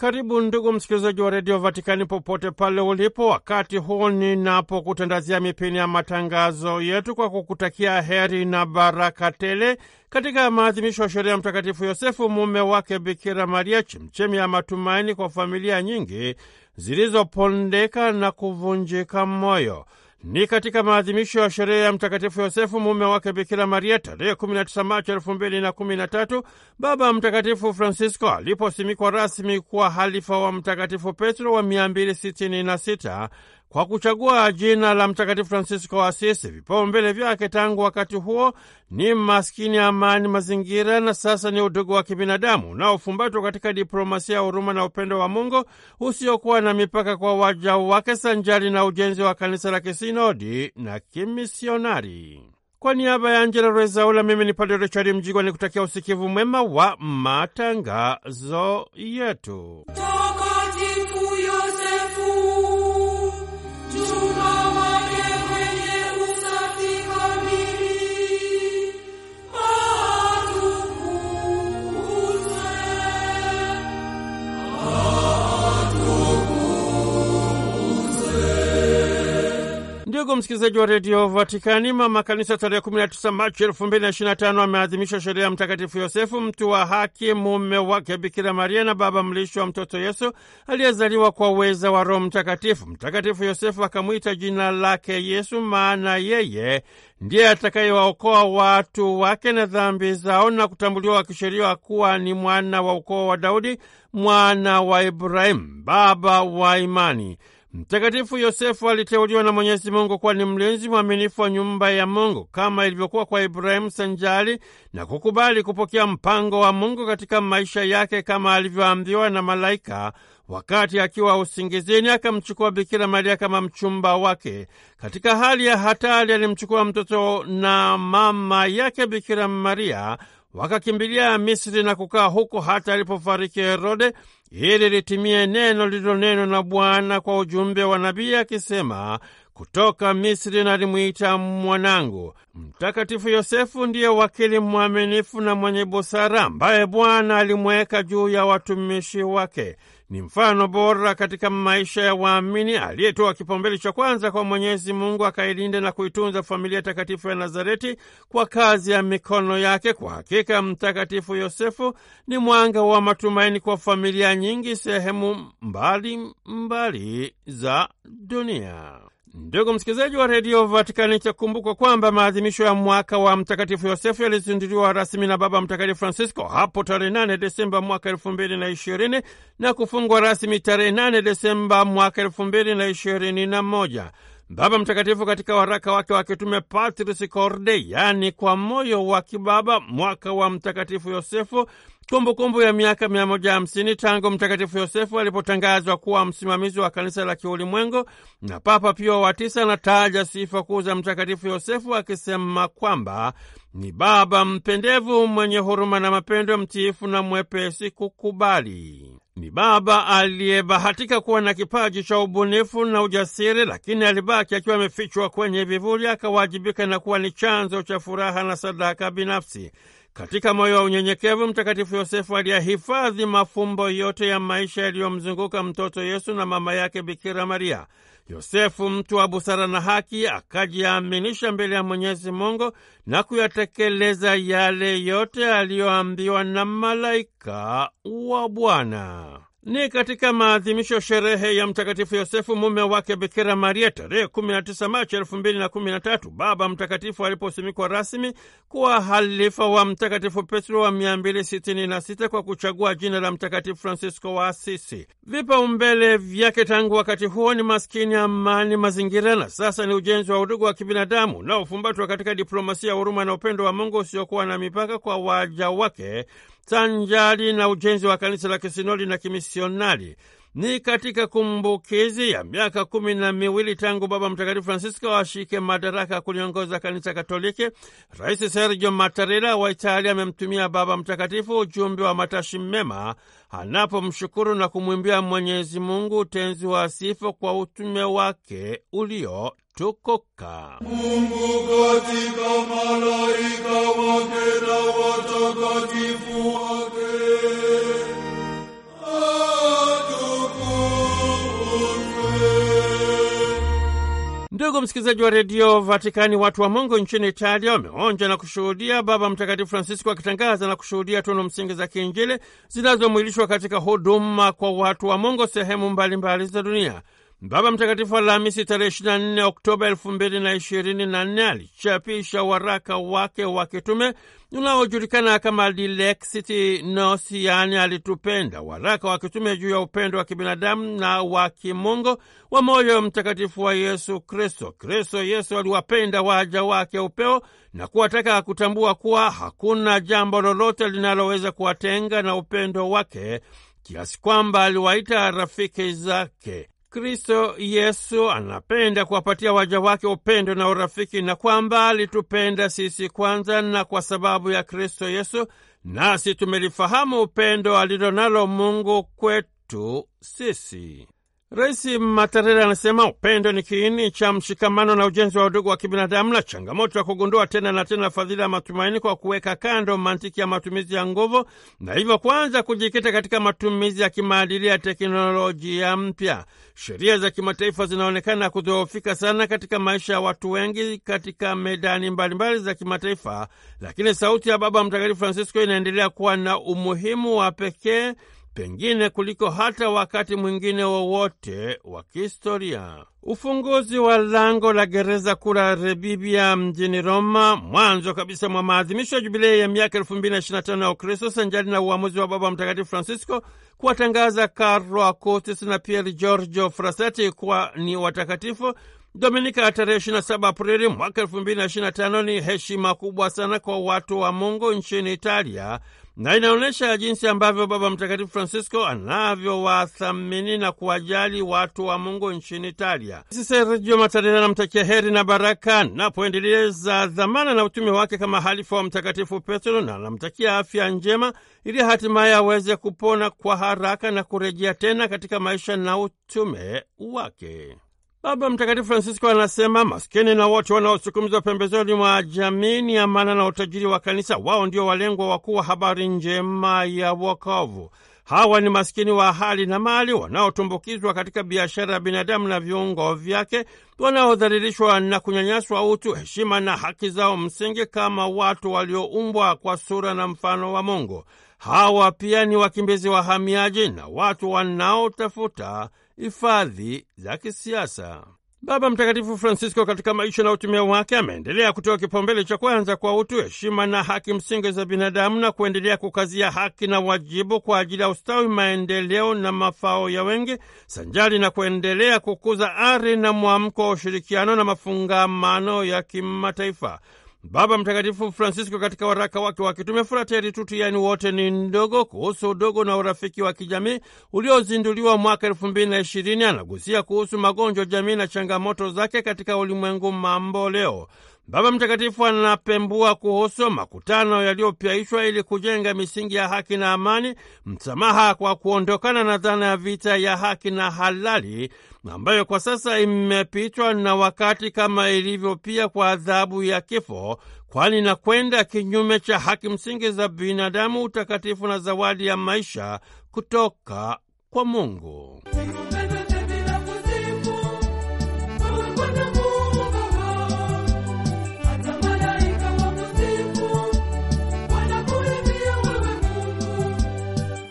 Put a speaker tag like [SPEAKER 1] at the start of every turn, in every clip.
[SPEAKER 1] Karibu ndugu msikilizaji wa redio Vatikani popote pale ulipo, wakati huu ninapokutandazia mipini ya matangazo yetu kwa kukutakia heri na baraka tele katika maadhimisho ya sherehe ya Mtakatifu Yosefu mume wake Bikira Maria, chemchemi ya matumaini kwa familia nyingi zilizopondeka na kuvunjika moyo. Ni katika maadhimisho ya sherehe ya Mtakatifu Yosefu, mume wake Bikira Maria, tarehe 19 Machi 2013, Baba Mtakatifu Francisco aliposimikwa rasmi kuwa halifa wa Mtakatifu Petro wa 266 kwa kuchagua jina la Mtakatifu Fransisko wa Asisi. Vipaumbele vyake tangu wakati huo ni maskini, amani, mazingira na sasa ni udugu wa kibinadamu unaofumbatwa katika diplomasia ya huruma na upendo wa Mungu usiokuwa na mipaka kwa waja wake, sanjari na ujenzi wa kanisa la kisinodi na kimisionari. Kwa niaba ya Angela Rezaula, mimi ni Padre Richard Mjigwa ni kutakia usikivu mwema wa matangazo yetu. Ndugu msikilizaji wa redio Vatikani, mama kanisa tarehe 19 Machi 2025 ameadhimisha sherehe ya Mtakatifu Yosefu, mtu wa haki, mume wake Bikira Maria na baba mlishi wa mtoto Yesu aliyezaliwa kwa uweza wa Roho Mtakatifu. Mtakatifu Yosefu akamwita jina lake Yesu, maana yeye ndiye atakayewaokoa watu wake na dhambi zao, na kutambuliwa kisheria kuwa ni mwana wa ukoo wa Daudi, mwana wa Ibrahimu, baba wa imani. Mtakatifu Yosefu aliteuliwa na Mwenyezi Mungu kuwa ni mlinzi mwaminifu wa nyumba ya Mungu kama ilivyokuwa kwa Ibrahimu sanjali na kukubali kupokea mpango wa Mungu katika maisha yake kama alivyoambiwa na malaika wakati akiwa usingizini akamchukua Bikira Maria kama mchumba wake. Katika hali ya hatari, alimchukua mtoto na mama yake Bikira Maria wakakimbilia Misri na kukaa huko hata alipofariki Herode, ili litimie neno lililonenwa na Bwana kwa ujumbe wa nabii akisema, kutoka Misri nalimwita mwanangu. Mtakatifu Yosefu ndiye wakili mwaminifu na mwenye busara ambaye Bwana alimweka juu ya watumishi wake ni mfano bora katika maisha ya waamini aliyetoa kipaumbele cha kwanza kwa Mwenyezi Mungu, akailinda na kuitunza familia takatifu ya Nazareti kwa kazi ya mikono yake. Kwa hakika Mtakatifu Yosefu ni mwanga wa matumaini kwa familia nyingi sehemu mbali mbali za dunia. Ndugu msikilizaji wa redio Vatikani, itakumbukwa kwamba maadhimisho ya mwaka wa Mtakatifu Yosefu yalizinduliwa rasmi na Baba Mtakatifu Francisco hapo tarehe 8 Desemba mwaka elfu mbili na ishirini na kufungwa rasmi tarehe 8 Desemba mwaka elfu mbili na ishirini na moja. Baba Mtakatifu katika waraka wake wa kitume Patris Corde, yaani kwa moyo wa kibaba, mwaka wa Mtakatifu Yosefu, kumbukumbu kumbu ya miaka 150 tangu Mtakatifu Yosefu alipotangazwa kuwa msimamizi wa kanisa la kiulimwengu na Papa Pio wa tisa, anataja sifa kuu za Mtakatifu Yosefu akisema kwamba ni baba mpendevu, mwenye huruma na mapendo, mtiifu na mwepesi kukubali. Ni baba aliyebahatika kuwa na kipaji cha ubunifu na ujasiri, lakini alibaki akiwa amefichwa kwenye vivuli, akawajibika na kuwa ni chanzo cha furaha na sadaka binafsi. Katika moyo wa unyenyekevu, Mtakatifu Yosefu aliyahifadhi mafumbo yote ya maisha yaliyomzunguka mtoto Yesu na mama yake Bikira Maria. Yosefu mtu wa busara na haki akajiaminisha mbele ya Mwenyezi Mungu na kuyatekeleza yale yote aliyoambiwa na malaika wa Bwana ni katika maadhimisho sherehe ya Mtakatifu Yosefu mume wake Bikira Maria tarehe 19 Machi 2013 Baba Mtakatifu aliposimikwa rasmi kuwa halifa wa Mtakatifu Petro wa 266 kwa kuchagua jina la Mtakatifu Francisco wa Asisi. Vipaumbele vyake tangu wakati huo ni maskini, amani, mazingira na sasa ni ujenzi wa udugu wa kibinadamu unaofumbatwa katika diplomasia ya huruma na upendo wa Mungu usiokuwa na mipaka kwa waja wake sanjari na ujenzi wa kanisa la kisinodi na kimisionari. Ni katika kumbukizi ya miaka kumi na miwili tangu Baba Mtakatifu Francisco ashike madaraka kuliongoza kanisa Katoliki, Rais Sergio Mattarella wa Italia amemtumia Baba Mtakatifu ujumbe wa matashi mema anapomshukuru na kumwimbia Mwenyezi Mungu utenzi wa sifa kwa utume wake ulio Mungu katika malaika wake na watakatifu Ndugu msikilizaji wa redio Vatikani, watu wa Mungu nchini Italia wameonja na kushuhudia Baba Mtakatifu Francisco akitangaza na kushuhudia tunu msingi za kiinjili zinazomwilishwa katika huduma kwa watu wa Mungu sehemu mbalimbali za dunia. Baba Mtakatifu Alhamisi tarehe 24 Oktoba 2024 alichapisha waraka wake wa kitume unaojulikana kama Dilexit Nos, yaani alitupenda, waraka wa kitume juu ya upendo wa kibinadamu na wa kimungu wa moyo mtakatifu wa Yesu Kristo. Kristo Yesu aliwapenda waja wake upeo na kuwataka kutambua kuwa hakuna jambo lolote linaloweza kuwatenga na upendo wake, kiasi kwamba aliwaita rafiki zake. Kristo Yesu anapenda kuwapatia waja wake upendo na urafiki, na kwamba alitupenda sisi kwanza, na kwa sababu ya Kristo Yesu nasi tumelifahamu upendo alilonalo Mungu kwetu sisi. Rais Matarere anasema upendo ni kiini cha mshikamano na ujenzi wa udugu wa kibinadamu na changamoto ya kugundua tena na tena fadhila ya matumaini kwa kuweka kando mantiki ya matumizi ya nguvu na hivyo kwanza kujikita katika matumizi ya kimaadili ya teknolojia mpya. Sheria za kimataifa zinaonekana kudhoofika sana katika maisha ya watu wengi katika medani mbalimbali za kimataifa, lakini sauti ya Baba Mtakatifu Francisco inaendelea kuwa na umuhimu wa pekee pengine kuliko hata wakati mwingine wowote wa kihistoria. Ufunguzi wa lango la gereza kuu la Rebibia mjini Roma, mwanzo kabisa mwa maadhimisho ya jubilei ya miaka 2025 ya Ukristo, sanjari na uamuzi wa Baba Mtakatifu Francisco kuwatangaza Carlo Acutis na Pier Giorgio Frassati kuwa ni watakatifu Dominika ya tarehe 27 Aprili mwaka 2025 ni heshima kubwa sana kwa watu wa Mungu nchini Italia na inaonyesha jinsi ambavyo Baba Mtakatifu Francisco anavyowathamini na kuwajali watu wa Mungu nchini Italia. Sergio Mattarella anamtakia heri na baraka napoendeleza dhamana na utume wake kama halifa wa Mtakatifu Petro, na anamtakia afya njema ili hatimaye aweze kupona kwa haraka na kurejea tena katika maisha na utume wake. Baba Mtakatifu Francisco anasema maskini na wote wanaosukumizwa pembezoni mwa jamii ni amana na utajiri wa kanisa. Wao ndio walengwa wakuu wa habari njema ya wokovu. Hawa ni maskini wa hali na mali wanaotumbukizwa katika biashara ya binadamu na viungo vyake, wanaodhalilishwa na kunyanyaswa utu, heshima na haki zao msingi kama watu walioumbwa kwa sura na mfano wa Mungu. Hawa pia ni wakimbizi wahamiaji na watu wanaotafuta hifadhi za kisiasa. Baba Mtakatifu Francisco katika maisha na utumia wake ameendelea kutoa kipaumbele cha kwanza kwa utu, heshima na haki msingi za binadamu na kuendelea kukazia haki na wajibu kwa ajili ya ustawi, maendeleo na mafao ya wengi, sanjari na kuendelea kukuza ari na mwamko wa ushirikiano na mafungamano ya kimataifa. Baba Mtakatifu Francisco katika waraka wake wa kitume Fratelli Tutti, yaani wote ni ndogo, kuhusu udogo na urafiki wa kijamii uliozinduliwa mwaka elfu mbili na ishirini, anagusia kuhusu magonjwa jamii na changamoto zake katika ulimwengu mambo leo. Baba Mtakatifu anapembua kuhusu makutano yaliyopyaishwa ili kujenga misingi ya haki na amani, msamaha kwa kuondokana na dhana ya vita ya haki na halali ambayo kwa sasa imepitwa na wakati, kama ilivyo pia kwa adhabu ya kifo, kwani na kwenda kinyume cha haki msingi za binadamu, utakatifu na zawadi ya maisha kutoka kwa Mungu.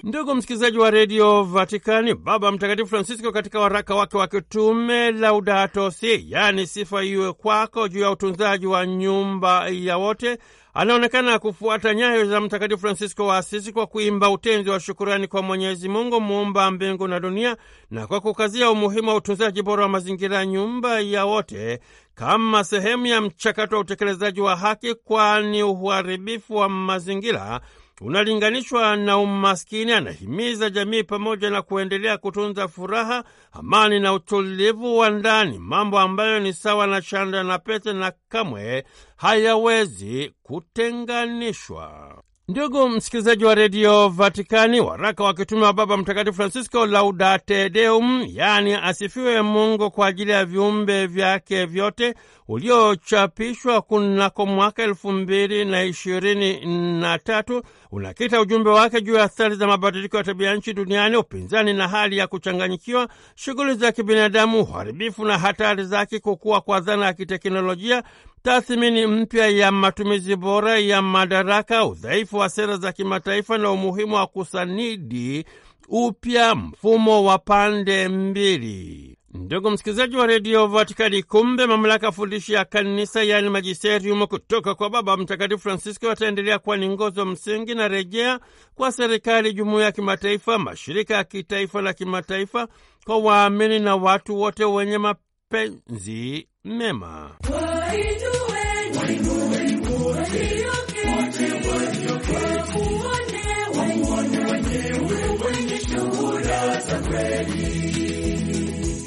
[SPEAKER 1] Ndugu msikilizaji wa redio Vatikani, Baba Mtakatifu Francisco katika waraka wake wa kitume Laudato Si, yaani sifa iwe kwako, juu ya utunzaji wa nyumba ya wote, anaonekana kufuata nyayo za Mtakatifu Francisco wa Asisi kwa kuimba utenzi wa shukurani kwa Mwenyezi Mungu muumba mbingu na dunia, na kwa kukazia umuhimu wa utunzaji bora wa mazingira ya nyumba ya wote kama sehemu ya mchakato wa utekelezaji wa haki, kwani uharibifu wa mazingira unalinganishwa na umaskini. Anahimiza jamii pamoja na kuendelea kutunza furaha, amani na utulivu wa ndani, mambo ambayo ni sawa na shanda na pete na kamwe hayawezi kutenganishwa. Ndugu msikilizaji wa redio Vatikani, waraka wa kitume wa Baba Mtakatifu Francisco Laudate Deum, yaani asifiwe Mungu kwa ajili ya viumbe vyake vyote, uliochapishwa kunako mwaka elfu mbili na ishirini na tatu unakita ujumbe wake juu ya athari za mabadiliko ya tabia nchi duniani, upinzani na hali ya kuchanganyikiwa, shughuli za kibinadamu, uharibifu na hatari zake, kukua kwa dhana ya kiteknolojia tathmini mpya ya matumizi bora ya madaraka, udhaifu wa sera za kimataifa na umuhimu wa kusanidi upya mfumo wa pande mbili. Ndugu msikilizaji wa redio Vatikani, kumbe mamlaka fundishi ya kanisa, yaani majisteriumu kutoka kwa Baba Mtakatifu Francisco ataendelea kuwa ni nguzo msingi na rejea kwa serikali, jumuiya ya kimataifa, mashirika ya kitaifa na kimataifa, kwa waamini na watu wote wenye mapenzi mema.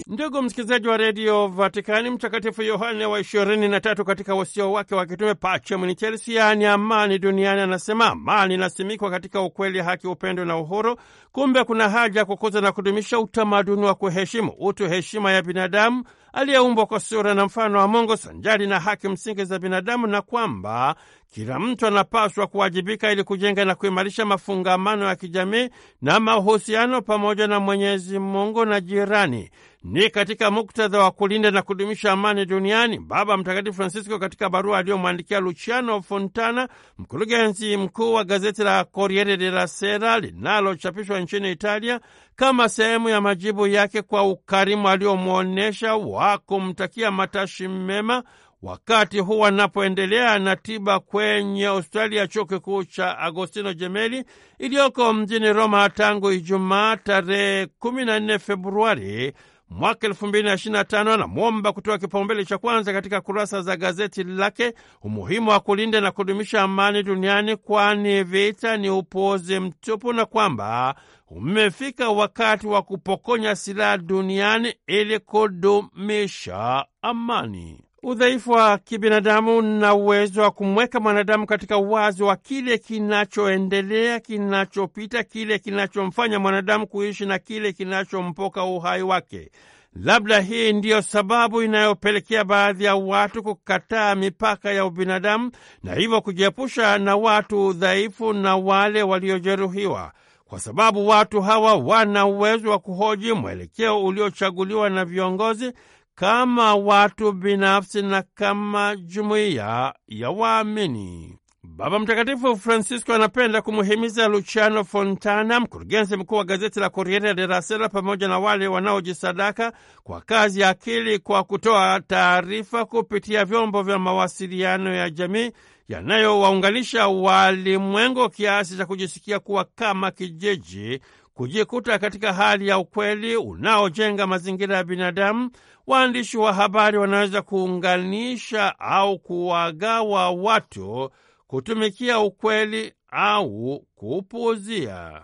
[SPEAKER 1] Ndugu msikilizaji wa redio Vatikani, Mtakatifu Yohane wa ishirini na tatu katika wasio wake wa kitume Pacem in Terris, yaani amani duniani, anasema amani inasimikwa katika ukweli, haki, upendo na uhuru. Kumbe kuna haja ya kukuza na kudumisha utamaduni wa kuheshimu utu, heshima ya binadamu aliyeumbwa kwa sura na mfano wa Mungu sanjari na haki msingi za binadamu, na kwamba kila mtu anapaswa kuwajibika ili kujenga na kuimarisha mafungamano ya kijamii na mahusiano pamoja na Mwenyezi Mungu na jirani. Ni katika muktadha wa kulinda na kudumisha amani duniani, Baba Mtakatifu Francisco katika barua aliyomwandikia Luciano Fontana, mkurugenzi mkuu wa gazeti la Corriere della Sera linalochapishwa nchini Italia, kama sehemu ya majibu yake kwa ukarimu aliomwonyesha wa kumtakia matashi mema wakati huu wanapoendelea na tiba kwenye hospitali ya chuo kikuu cha Agostino Jemeli iliyoko mjini Roma tangu Ijumaa tarehe 14 Februari mwaka 225 Anamwomba kutoa kipaumbele cha kwanza katika kurasa za gazeti lake umuhimu wa kulinda na kudumisha amani duniani, kwani vita ni upozi mtupu na kwamba umefika wakati wa kupokonya silaha duniani ili kudumisha amani. Udhaifu wa kibinadamu na uwezo wa kumweka mwanadamu katika uwazi wa kile kinachoendelea, kinachopita, kile kinachomfanya mwanadamu kuishi na kile kinachompoka uhai wake. Labda hii ndiyo sababu inayopelekea baadhi ya watu kukataa mipaka ya ubinadamu na hivyo kujiepusha na watu dhaifu na wale waliojeruhiwa kwa sababu watu hawa wana uwezo wa kuhoji mwelekeo uliochaguliwa na viongozi kama watu binafsi na kama jumuiya ya waamini. Baba Mtakatifu Francisco anapenda kumuhimiza Luciano Fontana, mkurugenzi mkuu wa gazeti la Corriere della Sera, pamoja na wale wanaojisadaka kwa kazi ya akili kwa kutoa taarifa kupitia vyombo vya mawasiliano ya jamii yanayowaunganisha walimwengo kiasi cha kujisikia kuwa kama kijiji, kujikuta katika hali ya ukweli unaojenga mazingira ya binadamu. Waandishi wa habari wanaweza kuunganisha au kuwagawa watu kutumikia ukweli au kupuuzia.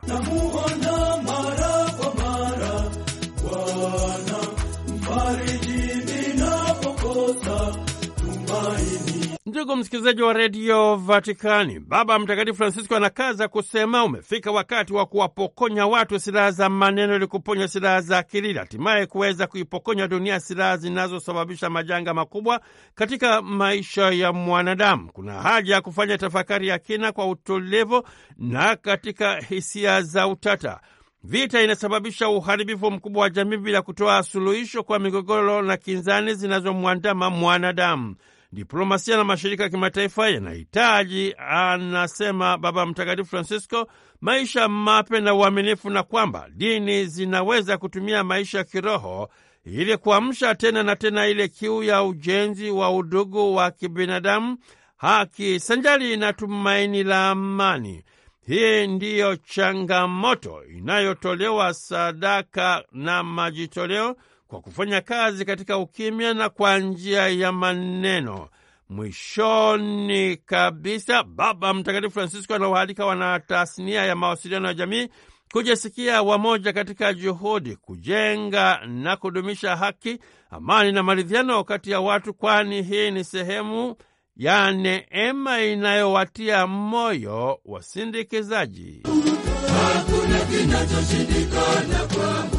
[SPEAKER 1] Ndugu msikilizaji wa redio Vatikani, Baba Mtakatifu Francisco anakaza kusema umefika wakati wa kuwapokonya watu silaha za maneno ili kuponya silaha za akili, hatimaye kuweza kuipokonya dunia silaha zinazosababisha majanga makubwa katika maisha ya mwanadamu. Kuna haja ya kufanya tafakari ya kina kwa utulivu na katika hisia za utata. Vita inasababisha uharibifu mkubwa wa jamii bila kutoa suluhisho kwa migogoro na kinzani zinazomwandama mwanadamu diplomasia na mashirika ya kimataifa yanahitaji, anasema Baba Mtakatifu Francisco, maisha mapya na uaminifu, na kwamba dini zinaweza kutumia maisha ya kiroho ili kuamsha tena na tena ile kiu ya ujenzi wa udugu wa kibinadamu, haki sanjali na tumaini la amani. Hii ndiyo changamoto inayotolewa sadaka na majitoleo kwa kufanya kazi katika ukimya na kwa njia ya maneno. Mwishoni kabisa, Baba Mtakatifu Francisco anawaalika wana tasnia ya mawasiliano ya jamii kujisikia wamoja katika juhudi kujenga na kudumisha haki, amani na maridhiano kati ya watu, kwani hii ni sehemu ya neema inayowatia moyo wasindikizaji. Hakuna kinachoshindikana kwa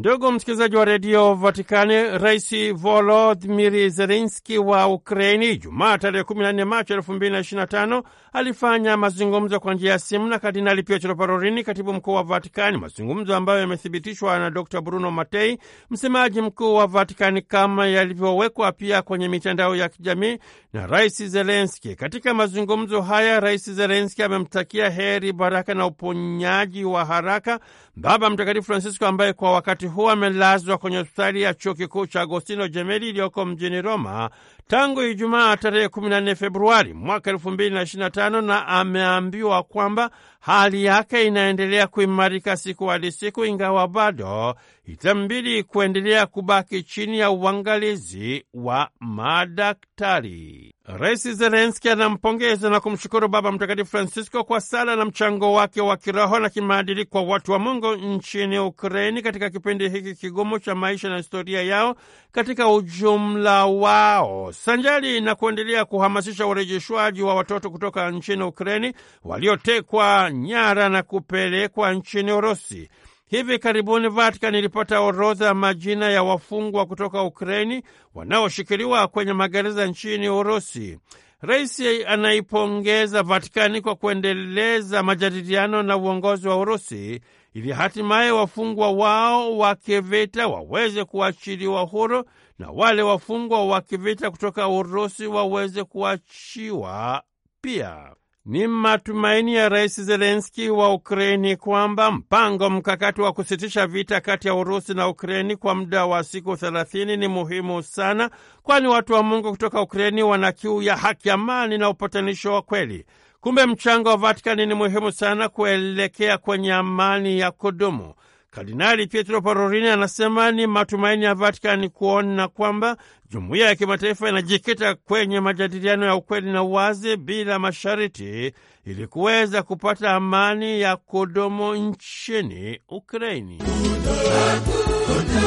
[SPEAKER 1] Ndugu msikilizaji wa redio Vatikani, Rais Volodimir Zelenski wa Ukraini Jumaa tarehe 14 Machi 2025 alifanya mazungumzo kwa njia ya simu na Kardinali Pietro Parolini, katibu mkuu wa Vatikani, mazungumzo ambayo yamethibitishwa na Dr Bruno Matei, msemaji mkuu wa Vatikani, kama yalivyowekwa pia kwenye mitandao ya kijamii na Rais Zelenski. Katika mazungumzo haya, Rais Zelenski amemtakia heri, baraka na uponyaji wa haraka Baba Mtakatifu Francisco, ambaye kwa wakati huu amelazwa kwenye hospitali ya chuo kikuu cha Agostino Jemeli iliyoko mjini Roma, tangu Ijumaa tarehe 14 Februari mwaka 2025 na ameambiwa kwamba hali yake inaendelea kuimarika siku hadi siku, ingawa bado itambidi kuendelea kubaki chini ya uangalizi wa madaktari. Rais Zelenski anampongeza na kumshukuru Baba Mtakatifu Francisco kwa sala na mchango wake wa kiroho na kimaadili kwa watu wa Mungu nchini Ukraini katika kipindi hiki kigumu cha maisha na historia yao katika ujumla wao sanjali na kuendelea kuhamasisha urejeshwaji wa watoto kutoka nchini Ukreni waliotekwa nyara na kupelekwa nchini Urusi. Hivi karibuni Vatikani ilipata orodha ya majina ya wafungwa kutoka Ukreni wanaoshikiliwa kwenye magereza nchini Urusi. Rais anaipongeza Vatikani kwa kuendeleza majadiliano na uongozi wa Urusi ili hatimaye wafungwa wao wa kivita waweze kuachiliwa huru na wale wafungwa wa kivita kutoka Urusi waweze kuachiwa pia. Ni matumaini ya Rais Zelenski wa Ukraini kwamba mpango mkakati wa kusitisha vita kati ya Urusi na Ukraini kwa muda wa siku thelathini ni muhimu sana, kwani watu wa Mungu kutoka Ukraini wana kiu ya haki, amani na upatanisho wa kweli. Kumbe mchango wa Vatikani ni muhimu sana kuelekea kwenye amani ya kudumu. Kardinali Pietro Parolin anasema ni matumaini ya Vatikani kuona kwamba jumuiya ya kimataifa inajikita kwenye majadiliano ya ukweli na uwazi bila masharti ili kuweza kupata amani ya kudumu nchini Ukraini. Hakuna,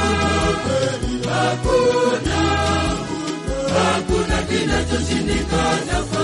[SPEAKER 1] hakuna, hakuna, hakuna,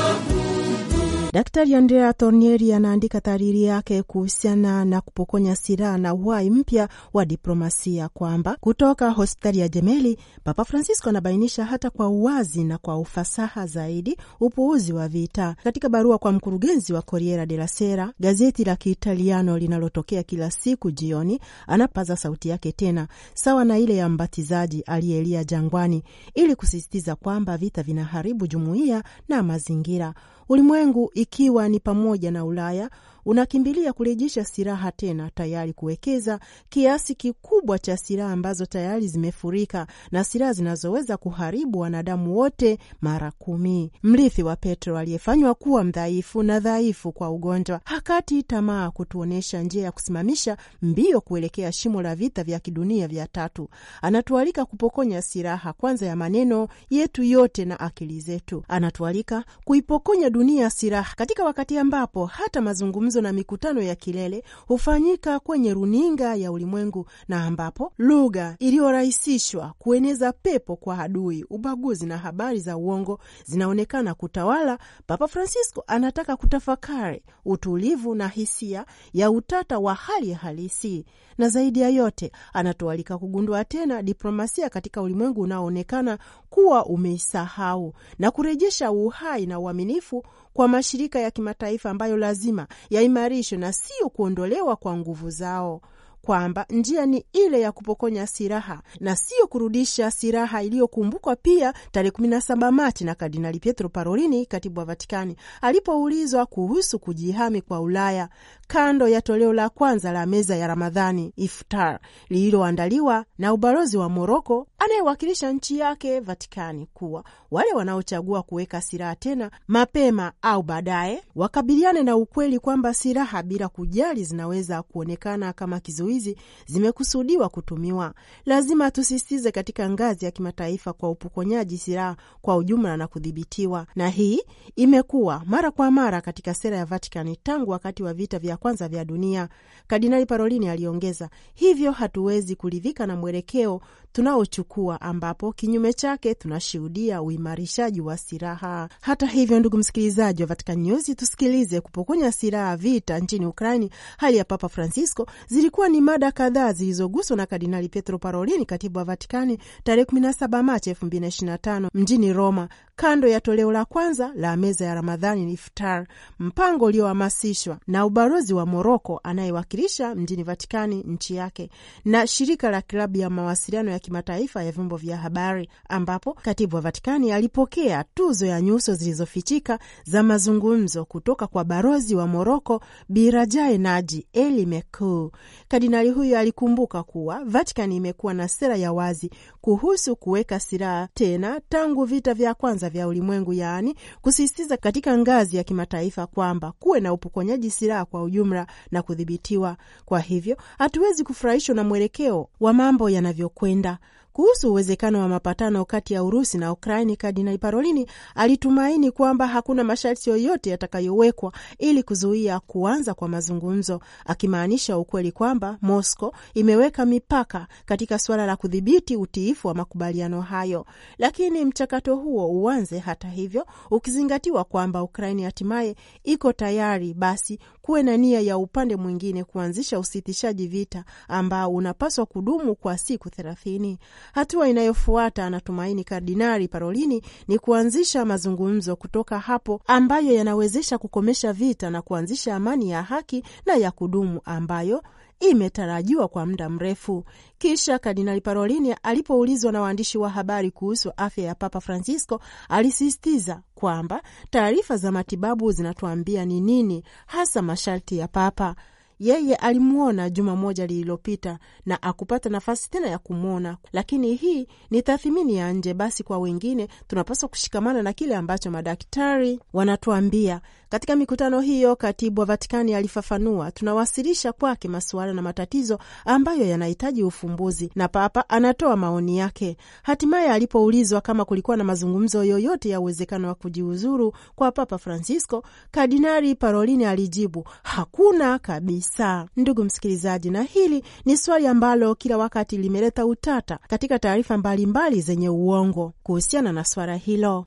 [SPEAKER 2] Daktari Andrea Tornieri anaandika taariri yake kuhusiana na kupokonya silaha na uhai mpya wa diplomasia kwamba kutoka hospitali ya Jemeli, Papa Francisco anabainisha hata kwa uwazi na kwa ufasaha zaidi upuuzi wa vita. Katika barua kwa mkurugenzi wa Corriere della Sera, gazeti la Kiitaliano linalotokea kila siku jioni, anapaza sauti yake tena sawa na ile ya mbatizaji aliyelia jangwani, ili kusisitiza kwamba vita vinaharibu jumuiya na mazingira ulimwengu ikiwa ni pamoja na Ulaya unakimbilia kurejesha silaha tena, tayari kuwekeza kiasi kikubwa cha silaha ambazo tayari zimefurika na silaha zinazoweza kuharibu wanadamu wote mara kumi. Mrithi wa Petro aliyefanywa kuwa mdhaifu na dhaifu kwa ugonjwa hakati tamaa kutuonyesha njia ya kusimamisha mbio kuelekea shimo la vita vya kidunia vya tatu. Anatualika kupokonya silaha kwanza ya maneno yetu yote na akili zetu. Anatualika kuipokonya dunia silaha katika wakati ambapo hata mazungumzo mazungumzo na mikutano ya kilele hufanyika kwenye runinga ya ulimwengu na ambapo lugha iliyorahisishwa kueneza pepo kwa adui, ubaguzi na habari za uongo zinaonekana kutawala. Papa Francisco anataka kutafakari utulivu na hisia ya utata wa hali ya halisi, na zaidi ya yote anatualika kugundua tena diplomasia katika ulimwengu unaoonekana kuwa umeisahau na kurejesha uhai na uaminifu kwa mashirika ya kimataifa ambayo lazima yaimarishwe na sio kuondolewa kwa nguvu zao, kwamba njia ni ile ya kupokonya silaha na siyo kurudisha silaha, iliyokumbukwa pia tarehe 17 Machi na Kardinali Pietro Parolini, katibu wa Vatikani, alipoulizwa kuhusu kujihami kwa Ulaya kando ya toleo la kwanza la meza ya Ramadhani iftar lililoandaliwa na ubalozi wa Moroko anayewakilisha nchi yake Vatikani, kuwa wale wanaochagua kuweka silaha tena mapema au baadaye wakabiliane na ukweli kwamba silaha, bila kujali zinaweza kuonekana kama kizuizi, zimekusudiwa kutumiwa. Lazima tusisitize katika ngazi ya kimataifa kwa upokonyaji silaha kwa ujumla na kudhibitiwa, na hii imekuwa mara kwa mara katika sera ya Vatikani tangu wakati wa vita vya kwanza vya dunia. Kardinali Parolini aliongeza, hivyo hatuwezi kuridhika na mwelekeo tunaochukua ambapo kinyume chake tunashuhudia uimarishaji wa silaha. Hata hivyo, ndugu msikilizaji wa Vatican News, tusikilize kupokonya silaha vita nchini Ukraini, hali ya Papa Francisco, zilikuwa ni mada kadhaa zilizoguswa na Kardinali Pietro Parolini, katibu wa Vatikani, tarehe 17 Machi 2025 mjini Roma, kando ya toleo la kwanza la meza ya Ramadhani iftar, mpango uliohamasishwa na ubalozi balozi wa Moroko anayewakilisha mjini Vatikani nchi yake na shirika la klabu ya mawasiliano ya kimataifa ya vyombo vya habari, ambapo katibu wa Vatikani alipokea tuzo ya nyuso zilizofichika za mazungumzo kutoka kwa balozi wa Moroko Birajae Naji Eli Mekou. Kardinali huyo alikumbuka kuwa Vatikani imekuwa na sera ya wazi kuhusu kuweka silaha tena tangu vita vya kwanza vya ulimwengu, yaani kusisitiza katika ngazi ya kimataifa kwamba kuwe na upokonyaji silaha kwa ujumla ujumla na kudhibitiwa. Kwa hivyo hatuwezi kufurahishwa na mwelekeo wa mambo yanavyokwenda. Kuhusu uwezekano wa mapatano kati ya Urusi na Ukraini, Kardinali Parolini alitumaini kwamba hakuna masharti yoyote yatakayowekwa ili kuzuia kuanza kwa mazungumzo, akimaanisha ukweli kwamba mosco imeweka mipaka katika suala la kudhibiti utiifu wa makubaliano hayo, lakini mchakato huo uanze hata hivyo, ukizingatiwa kwamba Ukraini hatimaye iko tayari basi kuwe na nia ya upande mwingine kuanzisha usitishaji vita ambao unapaswa kudumu kwa siku thelathini. Hatua inayofuata anatumaini Kardinali Parolini ni kuanzisha mazungumzo kutoka hapo ambayo yanawezesha kukomesha vita na kuanzisha amani ya haki na ya kudumu ambayo imetarajiwa kwa muda mrefu. Kisha Kardinali Parolini alipoulizwa na waandishi wa habari kuhusu afya ya Papa Francisco alisisitiza kwamba taarifa za matibabu zinatuambia ni nini hasa masharti ya Papa. Yeye alimwona juma moja lililopita na akupata nafasi tena ya kumwona, lakini hii ni tathmini ya nje. Basi kwa wengine, tunapaswa kushikamana na kile ambacho madaktari wanatuambia. Katika mikutano hiyo, katibu wa Vatikani alifafanua, tunawasilisha kwake masuala na matatizo ambayo yanahitaji ufumbuzi na Papa anatoa maoni yake. Hatimaye alipoulizwa kama kulikuwa na mazungumzo yoyote ya uwezekano wa kujiuzuru kwa Papa Francisco, Kardinali Parolini alijibu hakuna kabisa saa. Ndugu msikilizaji, na hili ni swali ambalo kila wakati limeleta utata katika taarifa mbalimbali zenye uongo kuhusiana na swala hilo.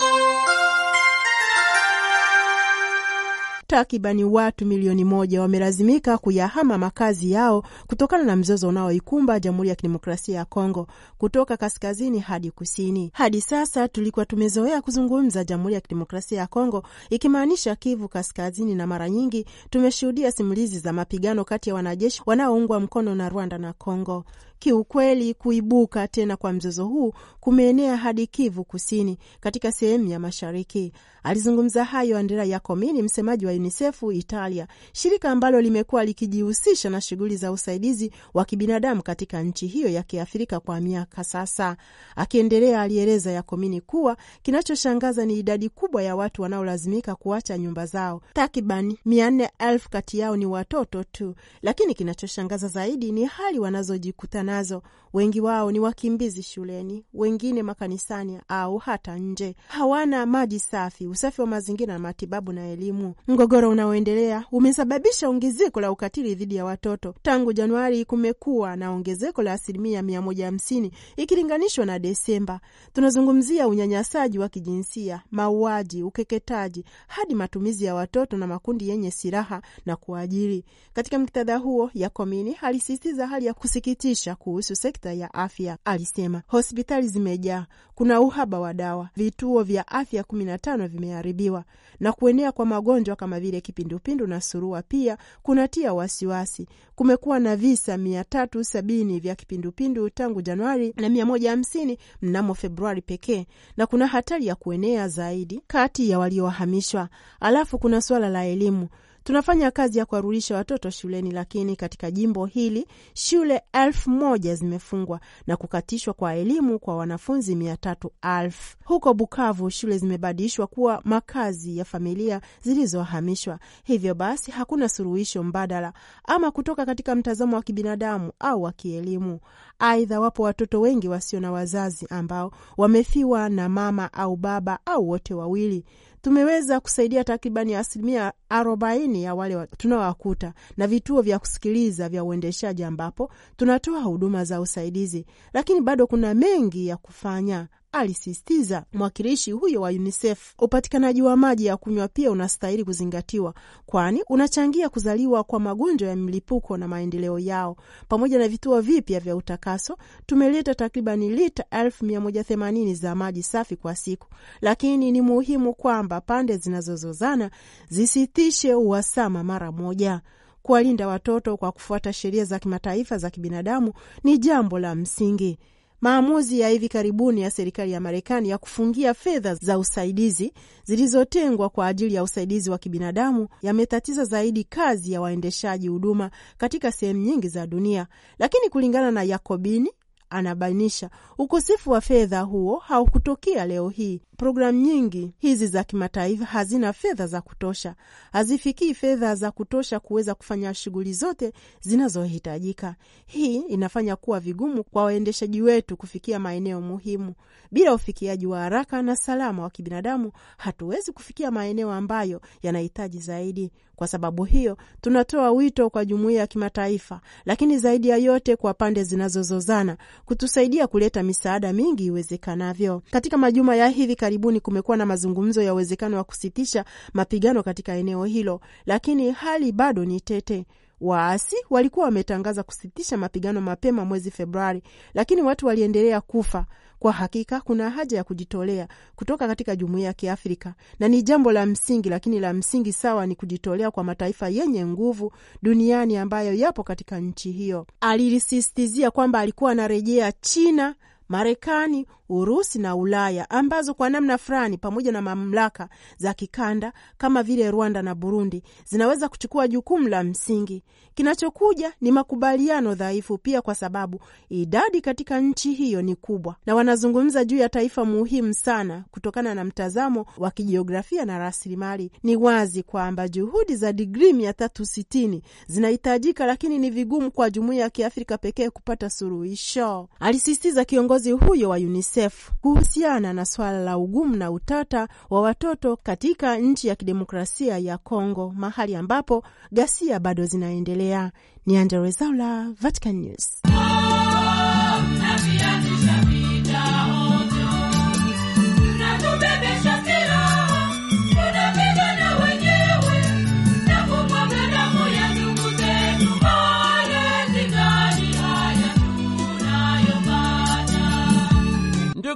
[SPEAKER 2] takribani watu milioni moja wamelazimika kuyahama makazi yao kutokana na mzozo unaoikumba Jamhuri ya Kidemokrasia ya Kongo kutoka kaskazini hadi kusini. Hadi sasa tulikuwa tumezoea kuzungumza Jamhuri ya Kidemokrasia ya Kongo ikimaanisha Kivu Kaskazini, na mara nyingi tumeshuhudia simulizi za mapigano kati ya wanajeshi wanaoungwa mkono na Rwanda na Kongo. Kiukweli, kuibuka tena kwa mzozo huu kumeenea hadi Kivu Kusini, katika sehemu ya mashariki. Alizungumza hayo Andrea Yakomini, msemaji wa UNICEF Italia, shirika ambalo limekuwa likijihusisha na shughuli za usaidizi wa kibinadamu katika nchi hiyo ya kiafrika kwa miaka sasa. Akiendelea, alieleza Yakomini kuwa kinachoshangaza ni idadi kubwa ya watu wanaolazimika kuacha nyumba zao, takriban mia nne elfu kati yao ni watoto tu, lakini kinachoshangaza zaidi ni hali wanazojikutana nazo. Wengi wao ni wakimbizi shuleni, wengine makanisani au hata nje. Hawana maji safi, usafi wa mazingira na matibabu na elimu. Mgogoro unaoendelea umesababisha ongezeko la ukatili dhidi ya watoto. Tangu Januari kumekuwa na ongezeko la asilimia mia moja hamsini ikilinganishwa na Desemba. Tunazungumzia unyanyasaji wa kijinsia, mauaji, ukeketaji hadi matumizi ya watoto na makundi yenye silaha na kuajiri. Katika muktadha huo, Yakomini alisisitiza hali ya kusikitisha kuhusu sekta ya afya. Alisema hospitali zimejaa, kuna uhaba wa dawa, vituo vya afya kumi na tano vimeharibiwa na kuenea kwa magonjwa kama vile kipindupindu na surua pia kunatia wasiwasi. Kumekuwa na visa mia tatu sabini vya kipindupindu tangu Januari na mia moja hamsini mnamo Februari pekee, na kuna hatari ya kuenea zaidi kati ya waliohamishwa. Alafu kuna suala la elimu tunafanya kazi ya kuwarudisha watoto shuleni, lakini katika jimbo hili shule elfu moja zimefungwa na kukatishwa kwa elimu kwa wanafunzi mia tatu elfu. Huko Bukavu shule zimebadilishwa kuwa makazi ya familia zilizohamishwa. Hivyo basi hakuna suluhisho mbadala ama kutoka katika mtazamo wa kibinadamu au wa kielimu. Aidha, wapo watoto wengi wasio na wazazi ambao wamefiwa na mama au baba au wote wawili. Tumeweza kusaidia takribani asilimia arobaini ya wale tunawakuta na vituo vya kusikiliza vya uendeshaji ambapo tunatoa huduma za usaidizi, lakini bado kuna mengi ya kufanya, alisisitiza mwakilishi huyo wa UNICEF. Upatikanaji wa maji ya kunywa pia unastahili kuzingatiwa, kwani unachangia kuzaliwa kwa magonjwa ya mlipuko na maendeleo yao. Pamoja na vituo vipya vya utakaso, tumeleta takribani lita elfu mia moja themanini za maji safi kwa siku, lakini ni muhimu kwamba pande zinazozozana zisiti wasitishe uhasama mara moja. Kuwalinda watoto kwa kufuata sheria za kimataifa za kibinadamu ni jambo la msingi. Maamuzi ya hivi karibuni ya serikali ya Marekani ya kufungia fedha za usaidizi zilizotengwa kwa ajili ya usaidizi wa kibinadamu yametatiza zaidi kazi ya waendeshaji huduma katika sehemu nyingi za dunia, lakini kulingana na Yakobini, Anabainisha ukosefu wa fedha huo haukutokea leo hii. Programu nyingi hizi za kimataifa hazina fedha za kutosha, hazifikii fedha za kutosha kuweza kufanya shughuli zote zinazohitajika. Hii inafanya kuwa vigumu kwa waendeshaji wetu kufikia maeneo muhimu. Bila ufikiaji wa haraka na salama wa kibinadamu, hatuwezi kufikia maeneo ambayo yanahitaji zaidi. Kwa sababu hiyo, tunatoa wito kwa jumuiya ya kimataifa, lakini zaidi ya yote kwa pande zinazozozana kutusaidia kuleta misaada mingi iwezekanavyo. Katika majuma ya hivi karibuni kumekuwa na mazungumzo ya uwezekano wa kusitisha mapigano katika eneo hilo, lakini hali bado ni tete. Waasi walikuwa wametangaza kusitisha mapigano mapema mwezi Februari, lakini watu waliendelea kufa. Kwa hakika kuna haja ya kujitolea kutoka katika jumuiya ya Kiafrika, na ni jambo la msingi, lakini la msingi sawa ni kujitolea kwa mataifa yenye nguvu duniani ambayo yapo katika nchi hiyo. Alilisisitizia kwamba alikuwa anarejea China, Marekani, Urusi na Ulaya ambazo kwa namna fulani pamoja na mamlaka za kikanda kama vile Rwanda na Burundi zinaweza kuchukua jukumu la msingi. Kinachokuja ni makubaliano dhaifu pia, kwa sababu idadi katika nchi hiyo ni kubwa, na wanazungumza juu ya taifa muhimu sana kutokana na mtazamo wa kijiografia na rasilimali. Ni wazi kwamba juhudi za digrii mia tatu sitini zinahitajika, lakini ni vigumu kwa jumuiya ya Kiafrika pekee kupata suluhisho, alisisitiza kiongozi huyo wa UNICEF. UNICEF kuhusiana na swala la ugumu na utata wa watoto katika nchi ya kidemokrasia ya congo mahali ambapo ghasia bado zinaendelea. Ni Andrewezaula, Vatican News.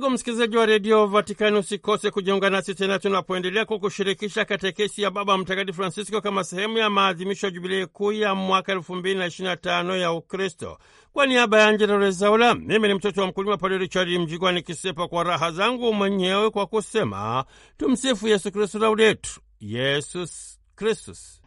[SPEAKER 1] Ndugu msikilizaji wa redio Vatikani, usikose kujiunga nasi tena tunapoendelea kukushirikisha katekesi ya Baba Mtakatifu Francisco kama sehemu ya maadhimisho ya jubilei kuu ya mwaka elfu mbili na ishirini na tano ya Ukristo. Kwa niaba ya Angela Rezaula, mimi ni mtoto wa mkulima Padre Richard Mjigwa, nikisepa kwa raha zangu mwenyewe kwa kusema tumsifu Yesu Kristu, laudetu Yesus Kristus.